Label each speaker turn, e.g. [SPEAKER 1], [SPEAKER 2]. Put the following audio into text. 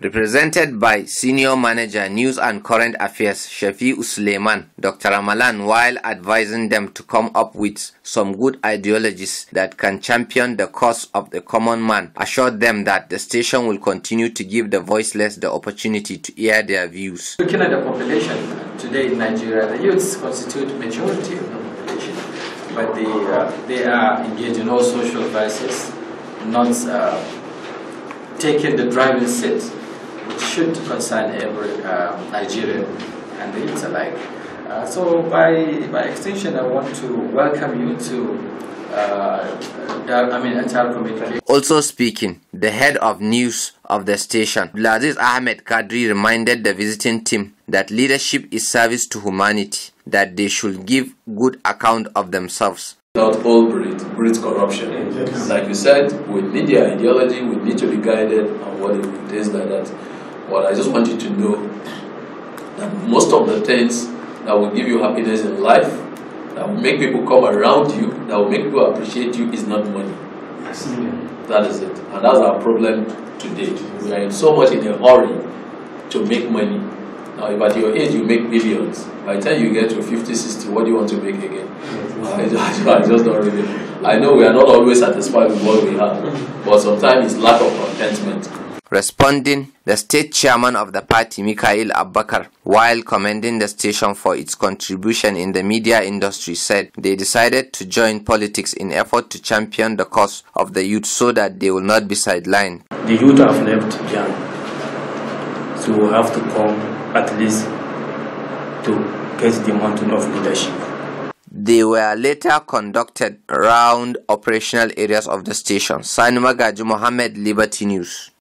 [SPEAKER 1] Represented by Senior Manager News and Current Affairs Shafi Suleiman, Dr. Ramalan, while advising them to come up with some good ideologies that can champion the cause of the common man, assured them that the station will continue to give the voiceless the opportunity to hear their views. Looking at the
[SPEAKER 2] population today in Nigeria, the youths constitute majority of the population, but they, uh, they are engaged in all social vices, not uh, taking the driving seat which should concern every um, Nigerian and the youth alike. Uh, so by, by extension, I want to welcome you to uh, uh I mean, HR communication.
[SPEAKER 1] Also speaking, the head of news of the station, Blaziz Ahmed Kadri reminded the visiting team that leadership is service to humanity, that they should give good account of themselves. Not all
[SPEAKER 3] breed, breed corruption. Eh? Yes. Like you said, with media ideology, we need to be guided on what it is like that. What I just want you to know that most of the things that will give you happiness in life, that will make people come around you, that will make people appreciate you, is not money. Yes. That is it. And that's our problem today. We are in so much in a hurry to make money now, at your age, you make millions. By the time you get to 50, 60, what do you want to make again? I, just, I just don't really. I know we are not always satisfied with what we have, but sometimes it's lack of contentment.
[SPEAKER 1] Responding, the state chairman of the party, Mikhail Abakar, while commending the station for its contribution in the media industry, said they decided to join politics in effort to champion the cause of the youth so that they will not be sidelined. The youth have left Jan, so we have to come at least to get the mountain of leadership. They were later conducted around operational areas of the station. Sani Magaji Mohammed, Liberty News.